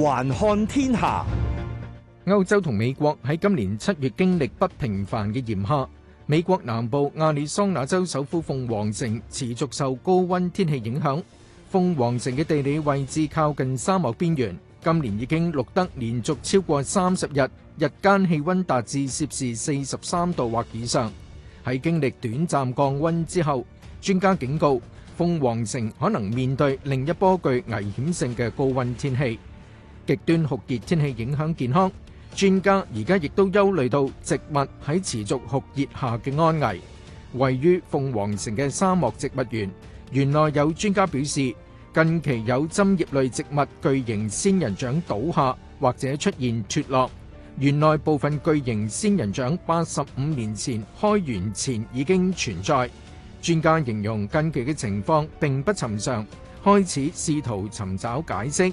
環看天下，歐洲同美國喺今年七月經歷不平凡嘅炎夏。美國南部亞利桑那州首府鳳凰城持續受高溫天氣影響。鳳凰城嘅地理位置靠近沙漠邊緣，今年已經錄得連續超過三十日，日間氣溫達至攝氏四十三度或以上。喺經歷短暫降溫之後，專家警告，鳳凰城可能面對另一波具危險性嘅高溫天氣。極端酷熱天氣影響健康，專家而家亦都憂慮到植物喺持續酷熱下嘅安危。位於鳳凰城嘅沙漠植物園，園內有專家表示，近期有針葉類植物巨型仙人掌倒下或者出現脱落。園內部分巨型仙人掌八十五年前開園前已經存在，專家形容近期嘅情況並不尋常，開始試圖尋找解釋。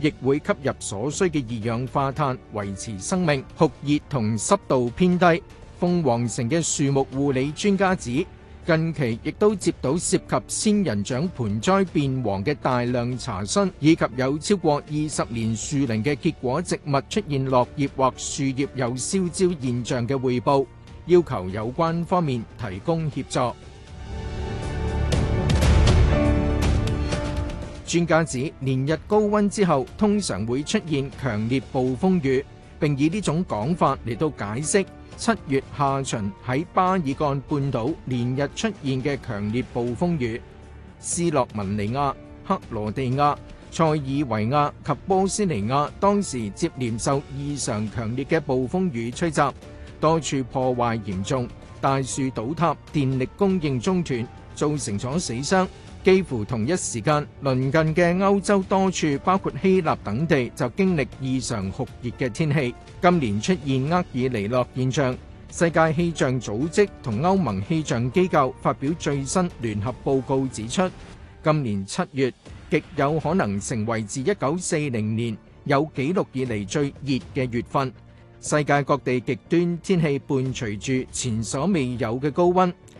亦會吸入所需嘅二氧化碳，維持生命。酷熱同濕度偏低，鳳凰城嘅樹木護理專家指，近期亦都接到涉及仙人掌盆栽變黃嘅大量查詢，以及有超過二十年樹齡嘅結果植物出現落葉或樹葉有燒焦現象嘅匯報，要求有關方面提供協助。專家指連日高溫之後，通常會出現強烈暴風雨，並以呢種講法嚟到解釋七月下旬喺巴爾幹半島連日出現嘅強烈暴風雨。斯洛文尼亞、克羅地亞、塞爾維亞及波斯尼亞當時接連受異常強烈嘅暴風雨吹襲，多處破壞嚴重，大樹倒塌，電力供應中斷，造成咗死傷。幾乎同一時間，鄰近嘅歐洲多處，包括希臘等地，就經歷異常酷熱嘅天氣。今年出現厄爾尼諾現象，世界氣象組織同歐盟氣象機構發表最新聯合報告指出，今年七月極有可能成為自一九四零年有記錄以嚟最熱嘅月份。世界各地極端天氣伴隨住前所未有嘅高溫。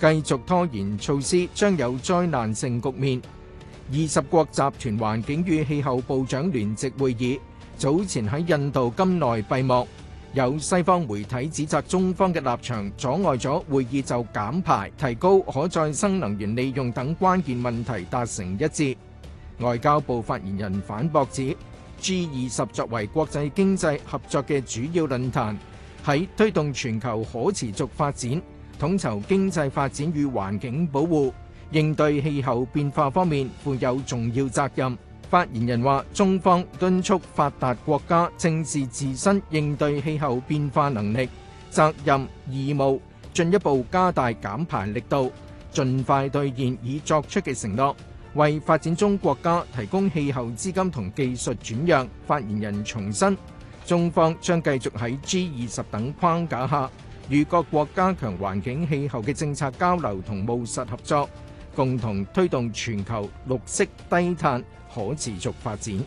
繼續拖延措施將有災難性局面。二十國集團環境與氣候部長聯席會議早前喺印度金奈閉幕，有西方媒體指責中方嘅立場阻礙咗會議就減排、提高可再生能源利用等關鍵問題達成一致。外交部發言人反駁指，G 二十作為國際經濟合作嘅主要論壇，喺推動全球可持續發展，統籌經濟發展與環境保護，應對氣候變化方面負有重要責任。發言人話：中方敦促發達國家正視自身應對氣候變化能力、責任、義務，進一步加大減排力度，盡快兌現已作出嘅承諾，為發展中國家提供氣候資金同技術轉讓。發言人重申，中方將繼續喺 G20 等框架下，與各國加強環境氣候嘅政策交流同務實合作，共同推動全球綠色低碳可持續發展。